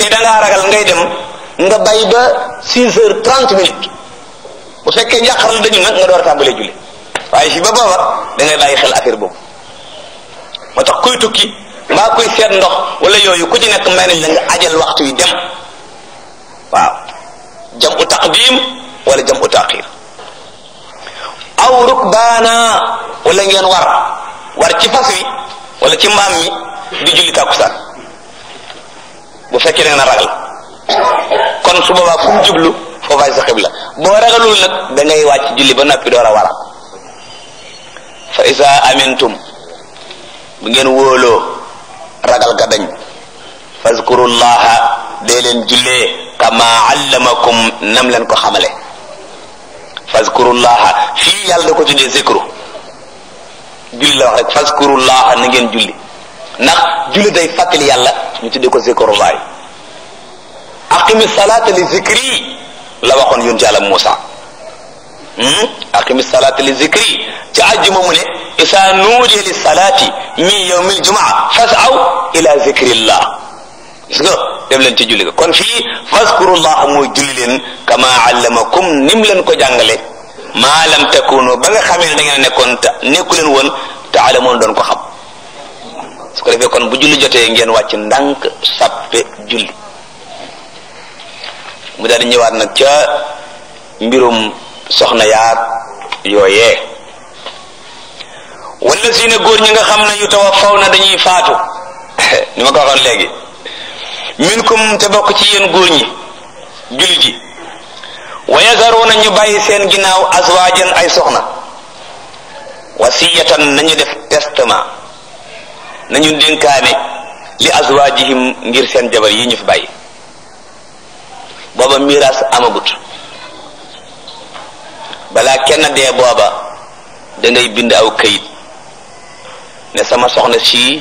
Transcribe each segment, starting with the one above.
te dangaa ragal ngay dem nga bay ba 6 heures 30 minutes bu fekkee njàqar dañu na nga door a tàmbalee julli waaye si ba booba da ngay bàyyi xel affaire boobu moo tax kuy tukki mbaa koy seet ndox wala yooyu ku ci nekk may nañ la nga ajal waxtu yi dem waaw jam u taqdim wala jam u taqir aw rukbaana wala ngeen war war ci fas wi wala ci mbaam mi di julli tàkkusaan bu fekkee da nga ragal kon su boobaa fu mu jublu sa xibla boo ragalul nag dangay ngay wàcc julli ba noppi door a waral fa isa amintum bu ngeen wóoloo ragal ga dañ fazkurullaha dee leen jullee kama allamakum nam leen ko xamale fazkurullaha fii yàlla da ko tuddee julli la wax rek fazkurullaha na ngeen julli ndax julli day fàttali yàlla ñu tuddee ko zikrullahi aqimi salaata li zikri la waxoon yoon ci yàlla Muusa hmm? aqimi salaata li zikri ci àjjuma mu ne isa nuudiya li salaati min yawmil jumaa fasaw ila zikrillah gis nga dem leen ci julli ga kon fii faskurullah mooy julli leen kama allamakum nim leen ko jàngale ma lam takunu ba nga xamee ne da ngeen nekkoon nekku leen woon taalamoon doon ko xam su ko defee kon bu julli jotee ngeen wàcc ndànk sàppe julli mu daal di ñëwaat nag ca mbirum soxna yaat yooyee wala si góor ñi nga xam ne yu tawafaw na dañuy faatu ni ma ko waxoon léegi minkum te bokk ci yéen góor ñi jullit yi wa yazaruuna ñu bàyyi seen ginnaaw azwaajan ay soxna wasiyatan nañu def testament nañu dénkaane li azwaajihim ngir seen jabar yi ñu fi bàyyi booba miraas amagut balaa kenn dee booba dangay bind aw kayit ne sama soxna si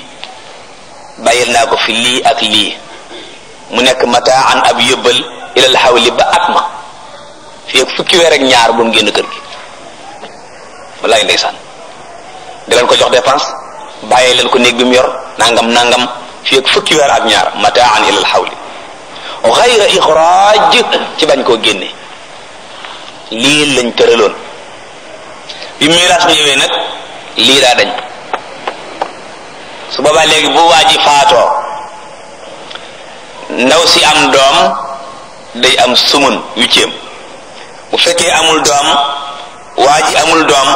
bàyyil naa ko fi lii ak lii mu nekk mataan ab yóbbal ilal xawli ba at ma fii ak fukki ñaar bu mu génn kër gi wallaay ndeysaan di leen ko jox dépense bàyyi leen ko néeg bi mu yor nangam nangam fii ak fukki weer ak ñaar mataan ilal xawli xayra ixraaj ci bañ koo génne lii lañ tëraloon bi miraas mi ñëwee nag lii daa dañ su léegi bu waa ji faatoo ndaw si am doom day am sumun yu céem bu fekkee amul doom waa ji amul doom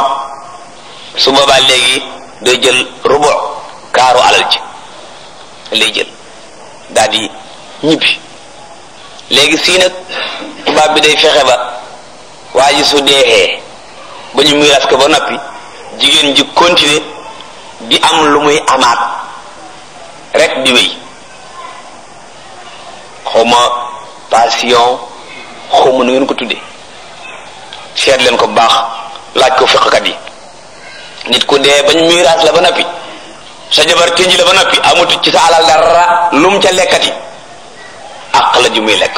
su léegi day jël rubu kaaru alal ji lay jël daal di ñibbi léegi sii nag tubaab bi day fexe ba waa ji su deexee ba ñu miiras ko ba noppi jigéen ji continuer di am lu muy amaat rek di wéy xawma passion xawma nu ngeen ko tuddee seet leen ko baax laaj ko fiqkat yi nit ku dee bañ miraas la ba noppi sa jabar tënji la ba noppi amatu ci sa alal dara lum ca lekkati àq la ju muy lekk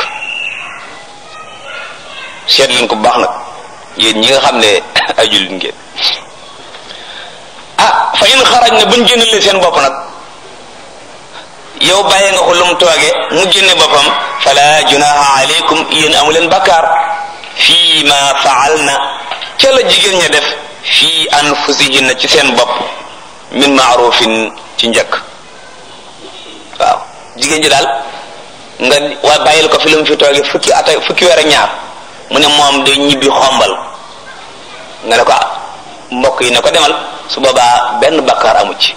seet leen ko bu baax nag yéen ñi xam ne ah, buñ génnalee seen bopp nag yow bàyyi nga ko lu mu toogee mu génne boppam fala junaha aleykum yéen amu leen bakkaar fii ma faal na ca la jigéen ña def fii na ci seen bopp min maarufin ci njëkk waaw jigéen ji daal nga waa bàyyil ko fi lu mu fukki at fukki weer ak ñaar mu ne moom day ñibbi xombal nga ne ko ah, mbokk yi ne ko demal su boobaa benn bakkaar amu ci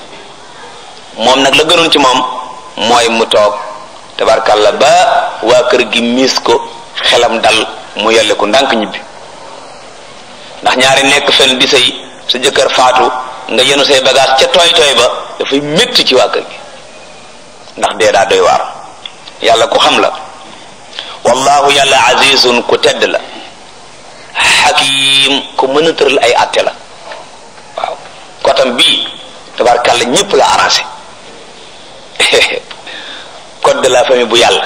moom nag la gënoon ci moom mooy mu toog tabarkalla ba waa kër gi miis ko xelam dal mu yelleku ndànk ñibbi ndax ñaari nekk fenn di sëy sa jëkkër faatu nga yenu say bagage ca tooy tooy ba dafay métti ci waa kër gi ndax dee daa doy waar yàlla ku xam la wallahu yàlla azizun ku tedd la xakim ku mën a tëral ay àtte la waaw kotam bii tabarkàlla ñépp la arrangé code de la famille bu yàlla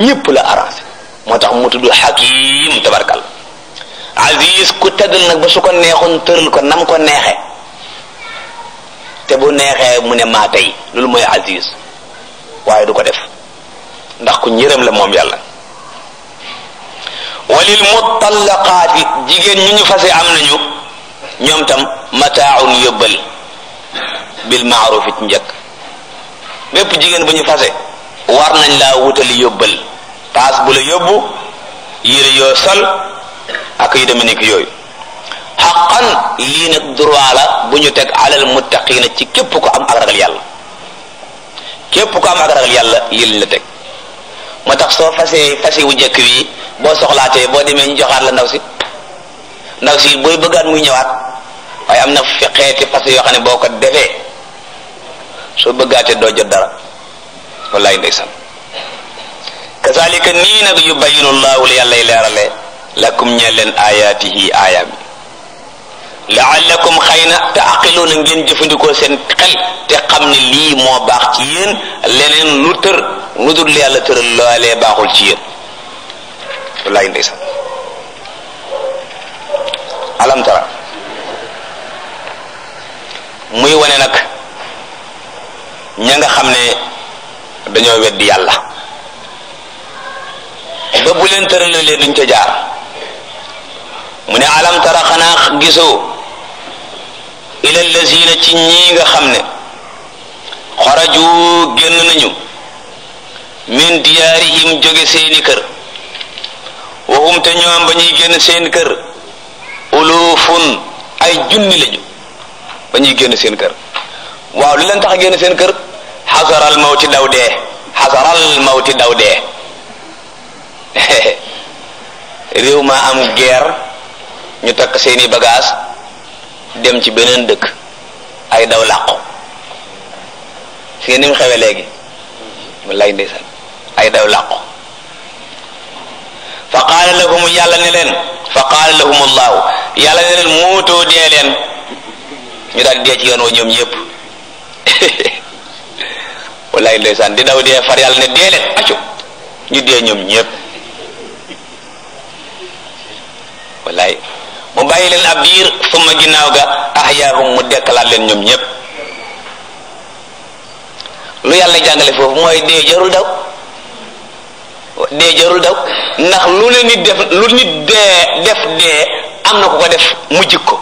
ñépp la arrangé moo tax mu tudd xakim tabarkàlla aziz ku teddal nag ba su ko neexoon tëral ko nam ko neexe te bu neexee mu ne maa tey loolu mooy aziz waaye du ko def ndax ku njëram la moom yàlla walil mutallaqaati jigéen ñu ñu fase am nañu ñoom tam mataaun yóbbal bil maaruf it njëkk bépp jigéen bu ñu fase war nañ laa wutali yóbbal paas bu la yóbbu yére yoo sol ak yu demee nekk yooyu xaqan lii nag droit bu ñu teg alal muttaqina ci képp ko am ak yàlla képp ko am ak ragal yàlla lii lañ la teg moo tax soo fasee fase bu njëkk wi boo soxlaatee boo demee ñu joxaat la ndaw si ndaw si booy bëggaat muy ñëwaat waaye am na fexeeti fase yoo xam ne boo ko defee soo bëggaatee doo jot dara wallaay ndeysaan kazalika nii nag yu bayinu llahu li yàlla leerale lakum ñee leen ayaatihi aayaam yi laallakum xay na te na ngeen jëfandikoo seen xel te xam ne lii moo baax ci yéen leneen lu tër nu dul yàlla tëral loolee baaxul ci yéen wallaay ndeysaan alam muy wone nag ña nga xam ne dañoo weddi yàlla tëral bu leen tëralee duñ ca jaar mu ne alam tara xanaa gisoo ila lazina ci ñii nga xam ne xoraju génn nañu min diyaarihim jóge seeni kër waxum te ñoom ba ñuy génn seeni kër ulufun ay junni lañu ba ñuy génn seen kër waaw li leen tax a génn seen kër xasaral mawti daw dee xasaral mawti daw dee réew ma am guerre ñu takk seeni bagage dem ci beneen dëkk ay daw làqu si ngeen ni mu xewe léegi mu lay ndeysaan ay daw làqu fa qaala lahum yàlla ne leen fa qaala lahum allahu yàlla ne leen muutoo dee leen ñu daal dee ci yoon wa ñoom ñëpp wallaay ndeysaan di daw dee far yàlla leen accu ñoom ñëpp wallaay bàyyi leen ab diir summa ginnaaw ga ahyaahum mu dekkalaat leen ñoom ñépp lu yàlla jàngale foofu mooy dee jarul daw dee jarul daw ndax lu la nit def lu nit dee def dee am na ku ko def mu jig ko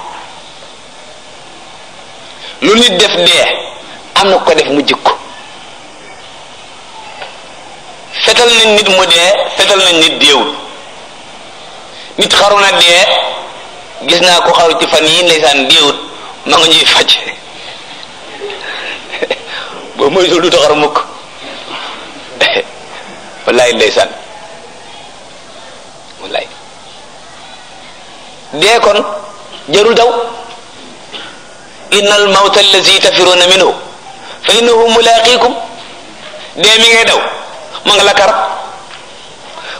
lu nit def dee am na ku ko def mu jig ko fetal nañ nit mu dee fetal nañ nit deewul nit xaru dee gis naa ko xaw ci fan yi ndeysaan déewut ma nga ñuy faj boo moytuwul du taxar mukk wallaay ndeysaan wallaay dee kon jarul daw innal mawta allazi tafiruna minhu fa innahu mulaqikum dee mi ngay daw ma nga la kar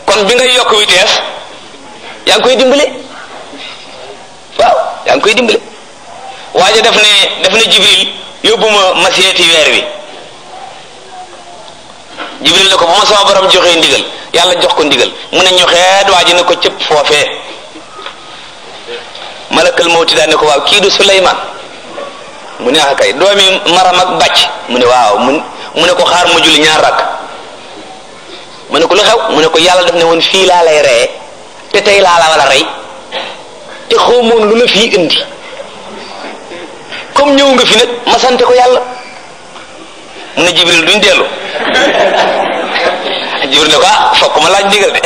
kon bi ngay yokk vitesse yaa ngi koy dimbale yaa ngi koy dimbale waaye def ne def ne jibril yóbbu ma ma seeti weer wi jibril ne ko bu ma sama borom joxee ndigal yàlla jox ko ndigal mu ne ñoxeet waa ji ne ko cëpp foofee malakal mawti daa ne ko waaw kii du suleyman mu ne ah kay doomi maram ak bàcc mu ne waaw mu ne ko xaar ma julli ñaar rakk mu ne ko lu xew mu ne ko yàlla def ne woon fii laa lay reye te tey laa la rey te xamoon lu la fii indi comme ñëw nga fi nag ma sante ko yàlla mu ne jibril duñ dellu jibril ne ko ah fokk ma laaj ndigal de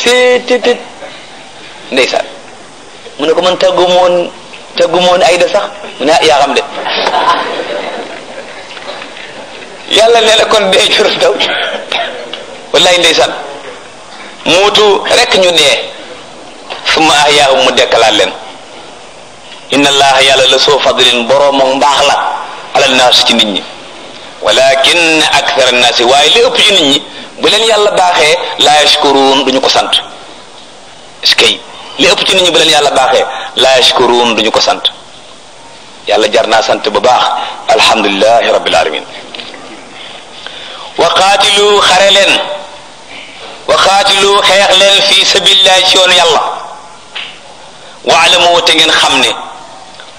seetetet ndeysaan mu ne ko man tàgguma woon tàgguma ay da sax mu ne ah, yaa de yàlla nee na kon dee jur daw wallaay ndeysaan muutu rek ñu nee summa ahyaahum mu dekkalaat leen inna allaha yàlla la soo fadlin boroom ak mbaax la alal naas ci nit ñi walakin akthara naasi waaye li ëpp ci nit ñi bu leen yàlla baaxee laa yashkuruun duñu ko sant est-ce que li ëpp ci nit ko sant yàlla jar naa sant bu baax alhamdulilahi rabbil alamin wa qaatilu xare leen wa qaatilu xeex leen fi sabilillahi ci yoonu yàlla waalamu te ngeen xam ne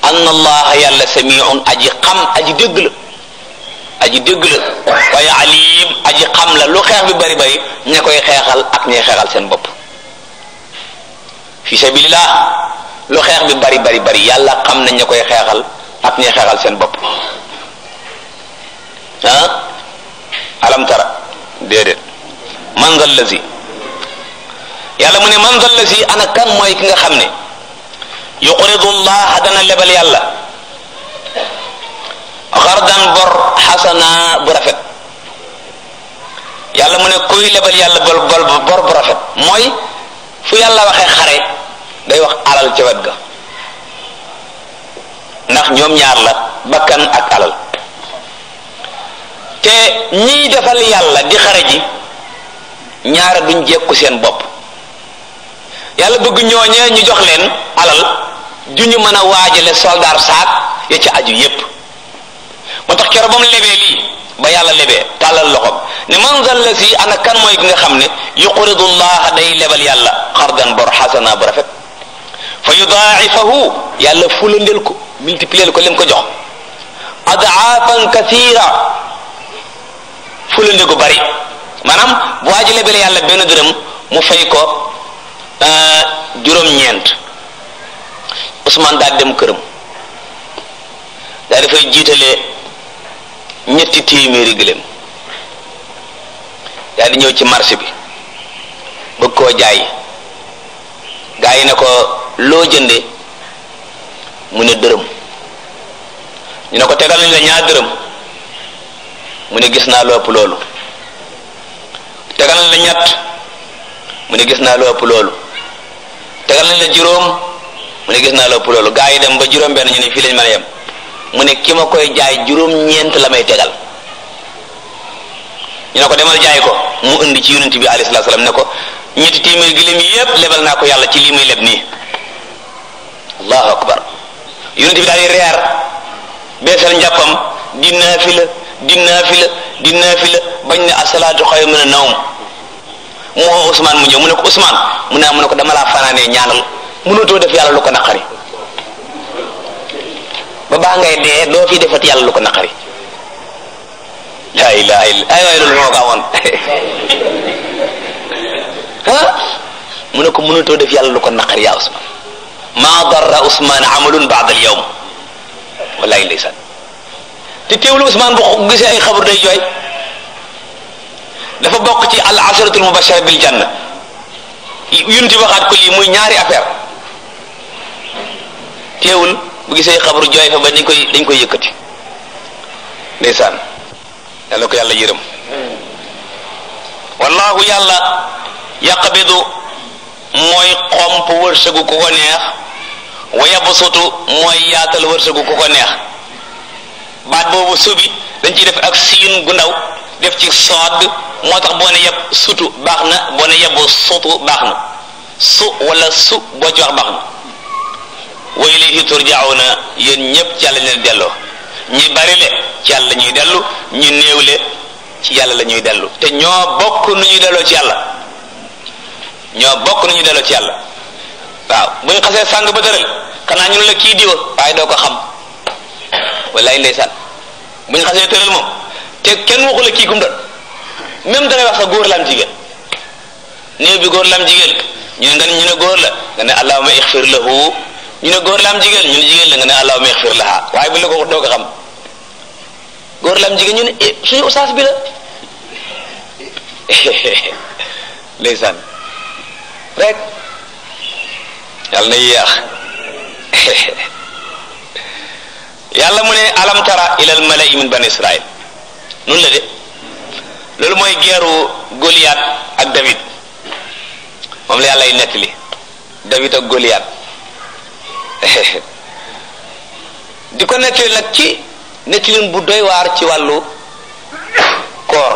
anna allaha yàlla samiun aji xam aji dégg la aji dégg la waaye alim aji xam la lu xeex bi bari bari ña koy xeexal ak seen bopp fi sabilillah xeex bi bari bari bari yàlla xam na ña koy xeexal ak ñay xeexal seen bopp ah alam tara déedéet man zal yàlla mu ne man zal lazi ana kan mooy ki nga xam ne yuqridu llaah dana lebal yàlla xardan bor xasana bu rafet yàlla mu ne kuy lebal yàlla bor bor bu rafet mooy fu yàlla waxee xare day wax alal ci wet ga ndax ñoom ñaar la bakkan ak alal te ñiy defal yàlla di xare ji ñaara duñ jekku seen bopp yàlla bëgg ñooñee ñu jox leen alal ju ñu mën a waajale soldaar saak ya ci aju yépp moo tax kero ba mu lebee lii ba yàlla lebee tàllal loxo ne man zal la nga xam ne yuqridu llaha day lebal yàlla xardan bor xasana bu rafet fa yudaa'ifahu yàlla fulandeel ko multiplier ko lim ko jox adaafan kathira fulande gu bari maanaam bu waaji lebele yàlla benn dërëm mu fay ko euh, juróom-ñeent Ousmane daal dem këram daal dafay jiitale ñetti téeméeri gëléem daal di ñëw ci marché bi bëgg koo jaay gaa yi ne ko loo jënde mu ne dërëm ñu ne ko tegal ñaar dërëm mu ne gis naa lu ëpp loolu tegal nañ la ñett mu ne gis naa lu ëpp loolu juróom mu ne gis naa lépp loolu gaa yi dem ba juróom-benn ñu ne fii lañ mën mu ne ki ma koy jaay juróom-ñeent la may tegal ñu ne ko demal jaay ko mu indi ci yonent bi alayhi salaatu salaam ne ko ñetti téeméer gëléem naa ko yàlla ci lii muy leb nii allahu akbar yonent bi bañ ne asalaatu xayrun mina mu woo Ousmane mu ñëw mu ne ko Ousmane mu ne mu ne ko dama laa fanaanee ñaanal. mënatoo def yàlla lu ko naqari ba baa ngay dee doo fi defat yàlla lu ko naqari laa ilaha illa ay waay loolu moo ko amoon ah mu ne ko mënatoo def yàlla lu ko naqari yaa Ousmane maa darra Ousmane amalun baada al yawm wallaay ndeysaan te teewlu Ousmane bu gisee ay xabar day jooy dafa bokk ci al asharatul mubashara bil janna yun ti waxaat ko lii muy ñaari affaire teewul bu gisee xabaru jooy fa ba dañ koy dañ koy yëkkati ndeysaan yàlla ko yàlla yërëm wallahu yàlla yaqbidu mooy xomp wërsëgu ku ko neex wa yabsutu mooy yaatal wërsëgu ku ko neex baat boobu subi dañ ciy def ak siin gu ndaw def ci sood moo tax boo ne yeb sutu baax na boo ne yebu sutu baax na su walla su boo ci wax baax na wa ilayhi turjauna yéen ñépp ci yàlla leen delloo ñi bari le ci yàlla lañuy dellu ñu néew le ci yàlla la ñuy dellu te ñoo bokk nu ñuy delloo ci yàlla ñoo bokk nu ñuy delloo ci yàlla waaw bu ñu xasee sàng ba tëral xanaa ñu ne la kii diwa waaye doo ko xam wallaay ndeysaan bu ñu xasee tëral moom te kenn waxu la kii gum doon même dangay wax góor la jigéen néew bi góor la jigéen ñu ne nga ñu ne góor la nga ne allahumma ixfir lahu ñu ne góor laam jigéen ñu ne jigéen la nga ne allahumma yaxfir laha waaye bu la ko doo ko xam góor la jigéen ñu ne eh, suñu ustaas bi la ndeysaan rek yàlla na yéex yàlla mu ne alam tara ilal malai min bani israil noonu la de loolu mooy geeru Goliath ak David moom la yàlla ay nettali David ak Goliath di ko nettali nag ci nettalin bu doy waar ci wàllu koor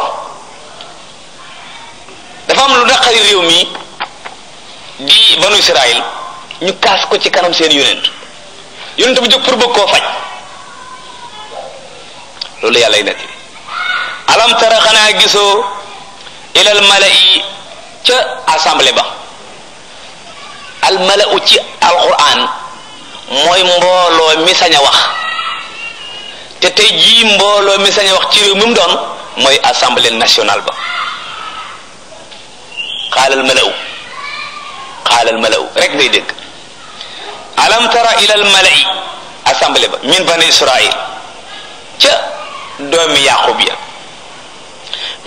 dafa am lu naqari réew mi di banu Israël ñu kaas ko ci kanam seen yonent yonent bu jóg pour bëgg koo faj loolu yàlla yi nettali alam xanaa gisoo ilal mala yi ca assemblée ba al mala u ci alquran mooy mbooloo mi sañ a wax te tey jii mbooloo mi sañ wax ci réew mi mu doon mooy assemblée nationale ba xaalal malaw xaalal malaw rek ngay dégg alam tara ilal malai assemblée ba min bani israil ca doomi yaqub ya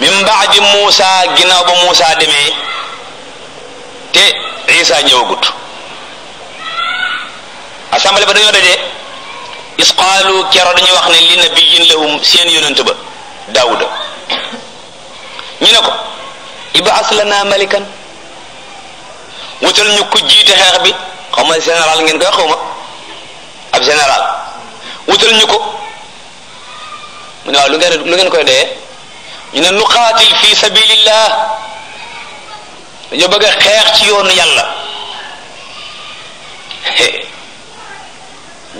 min baadi muusa ginnaaw ba muusa demee te isa ñëwagut assemblée ba dañoo dajee isqaalu kero dañuy wax ne li nabiyin lahum seen yonent ba daawuda ñu ne ko ibaas lana malikan wutal ñu ku jiite xeex bi xaw ma général ngeen koy xaw ma ab général wutal ñu ko mu ne waaw lu ngeen lu ngeen koy de ñu ne nuqaatil fi sabilillah dañoo bëgg xeex ci yoonu yàlla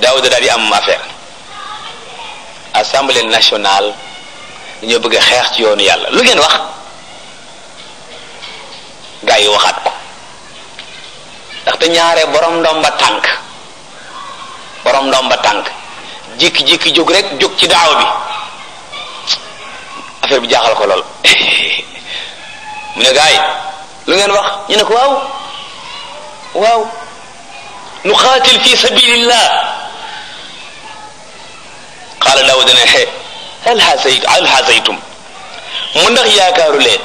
Daouda daal di am affaire assemblée nationale dañoo bëgg xeex ci yoonu yàlla lu ngeen wax gaa waxaat ko ndaxte ñaare borom ndomba tànk borom ndomba tànk jikki-jikki jóg rek jóg ci daaw bi affaire bi jaaxal ko lool mu ne gaa lu ngeen wax ñu ne ko waaw waaw nu xaatil fi sabilillah xaala daaw dana xe hal xasayt hal xasaytum mu ndax yaakaaru leen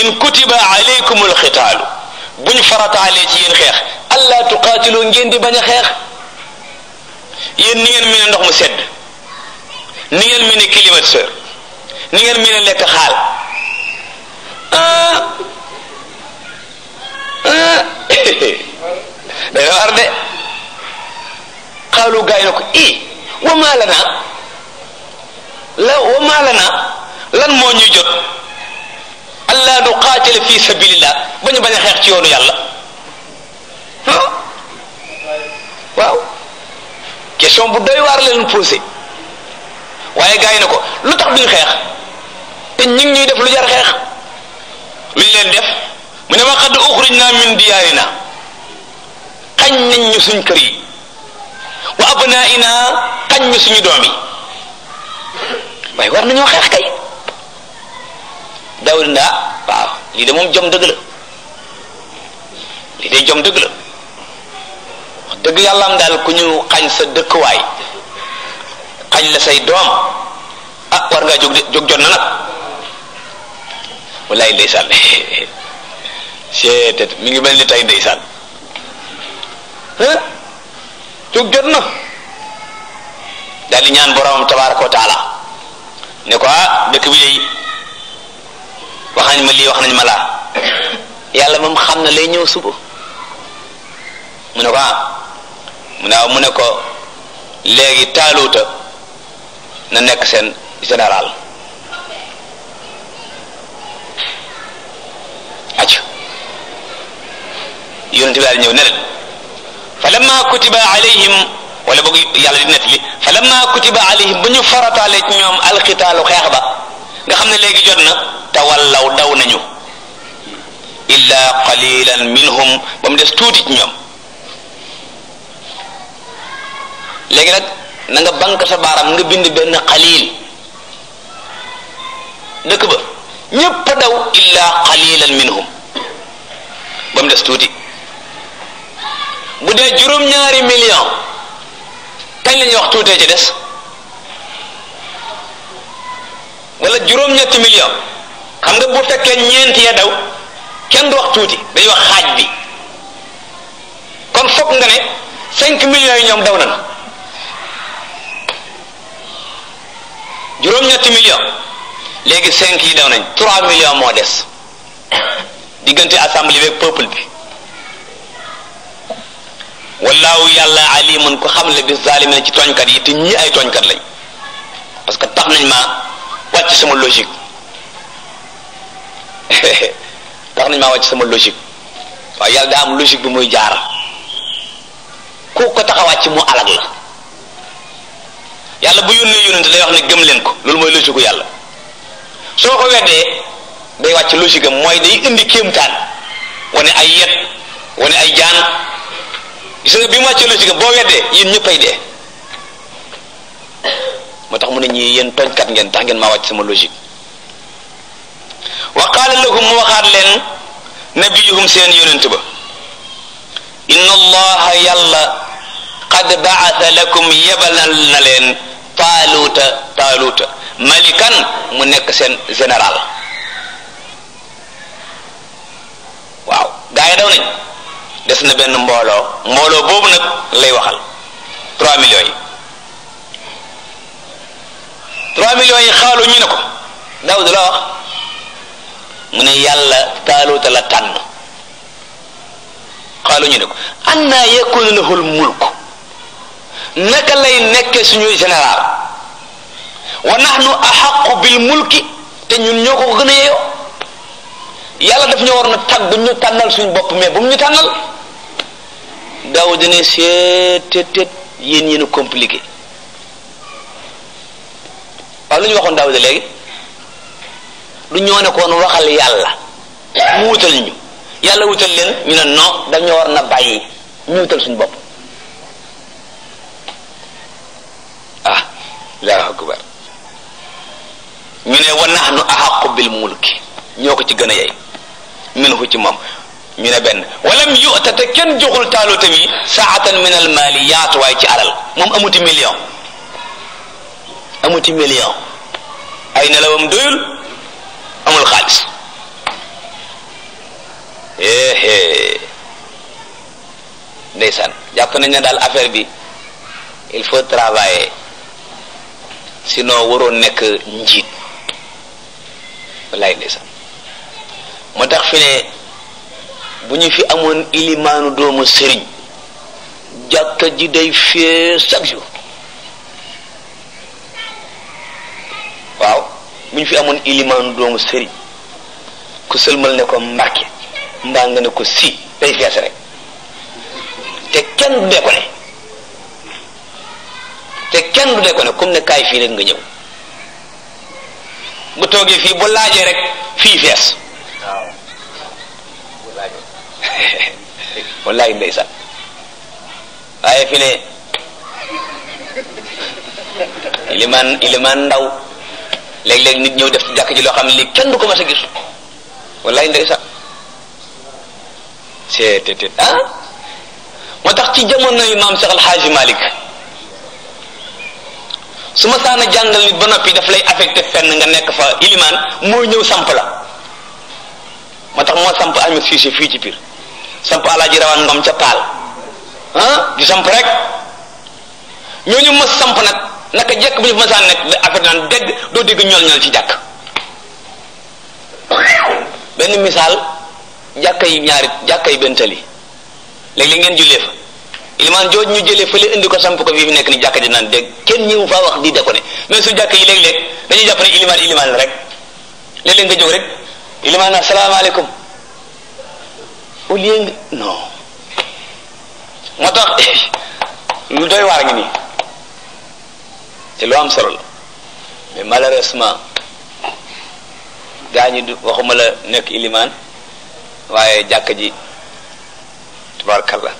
in kutiba alaykum alxitaalu buñ farataalee ci yéen xeex allah tuqaatiloo ngeen di bañ a xeex yéen ni ngeen mën a ndox mu sedd ni ngeen mën a climatiseur ni ngeen mën a lekk xaal ah ah da nga war de xaalu gaay na ko i eh, wa maa la naa la wa maa la naa lan moo ñuy jot allah nu qaatila fi sabilillah ba ñu bañ a xeex ci yoonu yàlla waaw question bu doy waar la leen posé waaye gaa yi ne ko lu tax duñ xeex te ñu ngi ñuy def lu jar xeex lu leen def mu ne ma xadd uxrijna min diyaarina xañ nañ ñu suñ kër yi waa wa abnaina xañ ñu suñu doom yi waaye war nañoo xeex kay daawul naa waaw lii de moom jom dëgg la lii de jom dëgg la dëgg yàlla am daal ku ñu xañ sa dëkkuwaay xañ la say doom ah war ngaa jóg jóg jot na nag wallaay ndeysaan seetet mi ngi mel ni tey ndeysaan toog jot na daal di ñaan borom tabaraka taala ne ko ah dëkk bi dey wax nañ ma lii wax nañ ma laa yàlla moom xam na lay ñëw suba mu ne ko ah mu ne mu ne ko léegi taaluuta na nekk seen général acc yonent bi daal ñëw ne leen fa lamma kutiba alayhim wala boog yàlla di nettali fa lamma kutiba alayhim bu ñu farataale ci ñoom alxitaalu xeex ba nga xam ne léegi jot na tawallaw daw nañu illa qalilan minhum ba des tuuti ci ñoom léegi nag na nga bank baaram nga bind benn xalil dëkk ñépp a daw illa minhum ba mu des tuuti bu dee juróom-ñaari million kañ la ñuy wax tuutee ci des wala juróom-ñetti million xam nga bu fekkee ñeent ya daw kenn du wax tuuti dañuy wax xaaj bi kon foog nga ne cinq millions yi ñoom daw nañ juróom-ñetti million léegi cinq yi daw nañ trois millions moo des diggante assemblée beeg peuple bi wallaahu yàlla alimun ku xam le bi zalimina ci tooñkat yi te ñii ay tooñkat lañ parce que tax nañ ma wàcc sama logique tax nañ maa wàcc sama logique waaye yàlla daa am logique bi muy jaar ku ko tax a mu alag la yàlla bu yónnee yónnante day wax ne gëm leen ko loolu mooy logique yàlla soo ko weddee day wàcc logique am mooy day indi kéemtaan wane ay yet wane ay jaan gis bi mu wàccee logique boo weddee yéen ñëppay dee moo tax mu ne ñii yéen tooñkat ngeen tax ngeen maa wàcc sama logique wa qaala lahum mu waxaat leen nabiyuhum seen yonent ba inna allaha yàlla qad baata lakum yebalal na leen taaluuta taaluuta malikan mu nekk seen général waaw gaa yi nañ des na benn mbooloo mbooloo boobu nag lay waxal 3 millions yi 3 millions yi xaalu ñu ne ko Daawuda la wax mu ne yàlla taaluuta la tànn xaalu ñu ne ko anna yakunu lahul mulk naka lay nekke suñuy général wa nahnu axaqu bil mulki te ñun ñoo ko gën a yeyoo yàlla daf ñu waroon a tàgg ñu tànnal suñ bopp mais bu mu ñu tànnal daaw dina seet tët tët yéen yéen a compliqué waaw lu ñu waxoon daaw de léegi du ñoo ne koon waxal yàlla mu wutal ñu yàlla wutal leen ñu ne non dañoo war na bàyyi ñu wutal suñu bopp ah allahu akbar ñu ne wa nahnu ahaqu bil mulki ñoo ko ci gën a yey minhu ci moom ñu ne benn walam yu'ta te kenn joxul taaluta tamit saatan min al maliyaat waaye ci alal moom amuti million amuti million ay nelawam doyul amul xaalis éé eh, eh. ndeysaan jàpp nañ ne daal affaire bi il faut travailler sinon waroon nekk njiit wallaay ndeysaan moo tax fi ne bu ñu fi amoon ilimaanu doomu sëriñ jàkka ji day fee chaque jour waaw bu ñu fi amoon ilimaanu doomu sëriñ ku sëlmal ne ko mbàkke mbaa nga ne ko si day fees rek te kenn du dee ko ne te kenn du dee ko ne comme ne kaay fii rek nga ñëw bu toogee fii bu laajee rek fii fees wallaay ndeysaan waaye fi ilimaan ilimaan ndaw léeg-léeg nit ñëw def ci jàkk ji loo xam ne lii kenn du ko mas a gis wallaay ndeysaan c'est tout ah moo tax ci jamono yi maam Cheikh El Hadj su ma saana jàngal nit ba noppi daf lay affecté fenn nga nekk fa ilimaan mooy ñëw samp la moo tax moo samp Ahmed Cissé fii ci biir samp alaaji rawaan ngom ca paal ah di samp rek ñooñu mës samp nag naka jekk bu ñu mësaan nekk affaire naan dégg doo dégg ñol ñol ci jàkk benn misaal jàkka yi ñaari jàkka yi benn tali léeg-léeg ngeen jullee ilimaan jooj ñu jëlee fële indi ko samp ko fii fi nekk ni jàkk ji naan dégg kenn ñëw faa wax di da ko ne mais su jàkk yi léeg-léeg dañuy jàpp ne ilimaan ilimaan rek léeg-léeg nga jóg rek ilimaan asalaamaaleykum au lieu nga non moo tax lu doy waar ngi nii te lu am solo la mais malheureusement gaa du waxuma nekk ilimaan waaye jàkk ji tubaarkalla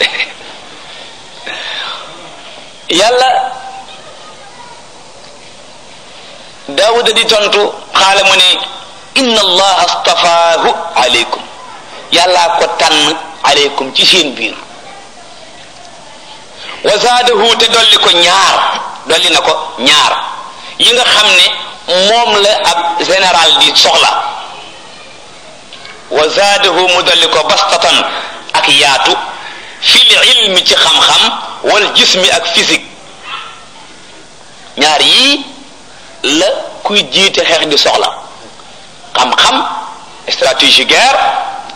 yàlla daawuda di tontu xaala mu ne inna allaha astafaahu aleykum yàllaa ko tànn aleykum ci seen biir wa zaadahu te dolli ko ñaar dolli na ko ñaar yi nga xam ne moom la ab général di soxla wa zaadahu mu dolli ko bastatan ak yaatu fil ilmi ci xam-xam wal jismi ak physique ñaar yii la kuy jiite xeex di soxla xam-xam stratégie guerre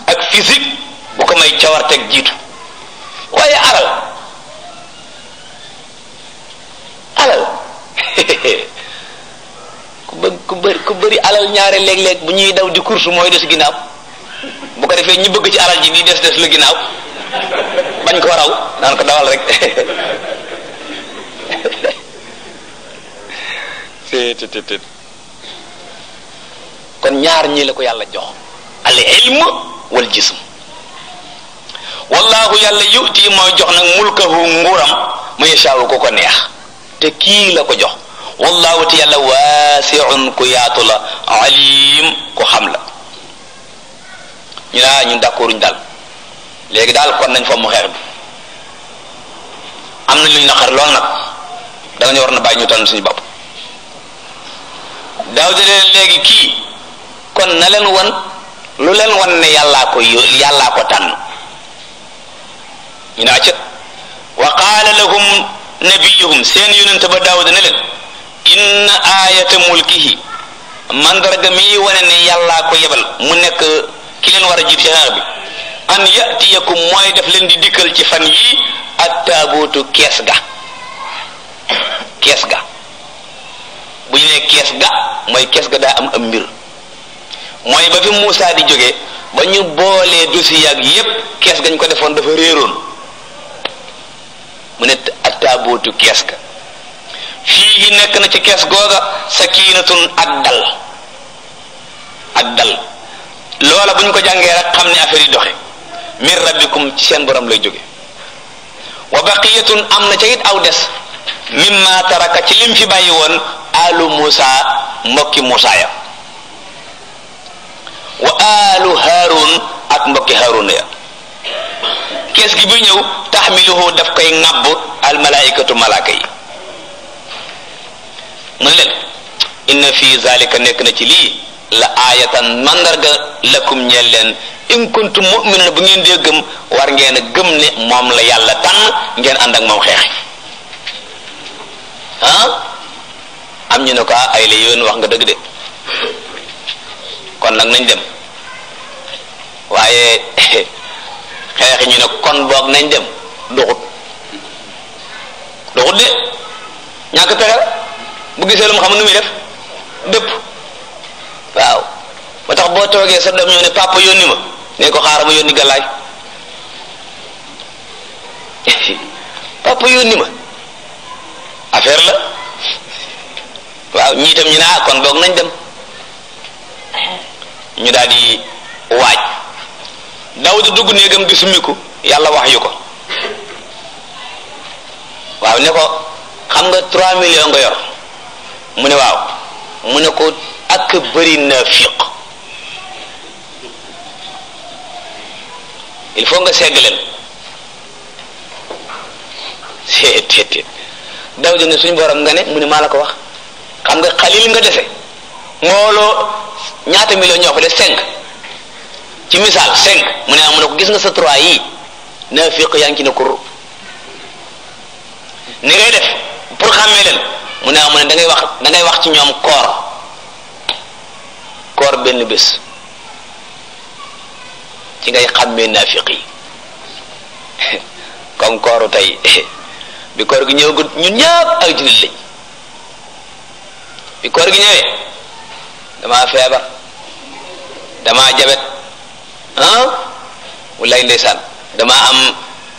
ak physique bu ko may cawarteeg jiitu waaye alal alal ku bëgg ku bëri ku bëri alal ñaare léeg-léeg bu ñuy daw di course mooy des ginnaaw bu ko defee ñi bëgg ci alal ji di des des lu ginnaaw bañ ko raw naan ko dawal rek te te te kon ñaar ñi la ko yàlla jox al ilm wal jism wallahu yàlla yuti mooy jox nag mulkahu nguuram mu yashaawu ku ko neex te kii la ko jox wallahu te yàlla waasiun ku yaatu la alim ko xam la ñu naa ah, ñun d'accord ñu daal léegi daal kon nañ fa mu xeex bi am na lu ñu naqar lool nag da nga ñu war na bàyyi ñu tànn suñu bopp daaw de léegi kii kon na leen won lu leen won ne yàllaa ko yó yàllaa ko tànn ñu ne acca wa qaala lahum nabiyuhum seen yonente ba daawuda ne leen inna aayata mulkihi ga mi wane ne yàllaa ko yebal mu nekk ki leen war a jiit xeex bi an yatiyakum mooy def leen di dikkal ci fan yii ak taabuutu kees ga kees ga bu ñu nee kees ga mooy kees ga daa am am mbir mooy ba fi Moussa di jógee ba ñu boolee dossier yàgg yépp kees gañ ko defoon dafa réeroon mu ne attaabootu kees ga fii yi nekk na ci kees googa sakiinatun ak dal ak dal loola bu ñu ko jàngee rek xam ne affaire yi doxe min rabbikum ci seen boroom lay jóge wa baqiyatun am na ca it aw des mimma taraka ci lim fi bàyyi woon alu Moussa mbokki Moussa ya wa aalu ak mbokki haarun ya kees gi buy ñëw taxmiluhu daf koy ŋàbb al malaikatu malaaka yi mun leen inna fi zalika nekk na ci lii la aayatan mandarga lakum ñeel leen in kuntum mu'minin bu ngeen dee gëm war ngeen a gëm ne moom la yàlla tànn ngeen ànd ak moom xeexi ah? am ñu ne ko ah, ay la yoon wax nga dëgg de kon nag nañ dem waaye xeex ñu ne kon boog nañ dem duxut duxut de ñàkk pexe bu gisee lu mu xam nu muy def dëpp waaw moo tax boo toogee sa doom ñoo ne papa yónni ma ne ko xaaral ma yónni gàllaay papa yónni ma affaire la waaw ñii tam ñu ne ah kon boog nañ dem. ñu daal di waaj Daawuda dugg néegam di summiku yàlla wax yu ko waaw ne ko xam nga trois millions nga yor mu ne waaw mu ne ko ak bëri naafiq il faut nga segg leen seet Daawuda ne suñu borom nga ne mu ne maa la ko wax xam nga xalil nga dese mbooloo ñaata million ñoo fa des cinq ci misaal cinq mu ne mu ne ko gis nga sa trois yi naafiq yaa ngi ci ne kur ni ngay def pour xàmmee leen mu ne mu ne da ngay wax da wax ci ñoom koor koor benn bis ci ngay xàmmee naafiq yi comme kooru tey bi koor gi ñëw ñun ñëpp ay jullit lañ bi koor gi ñëwee damaa feebar damaa jabet ah walaay ndeysaan damaa am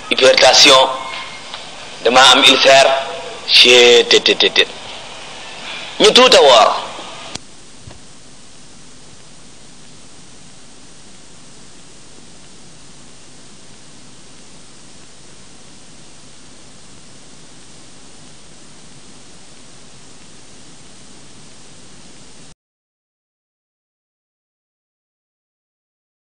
hypertension dama am ulcère chet tet tet ñu tuuta woor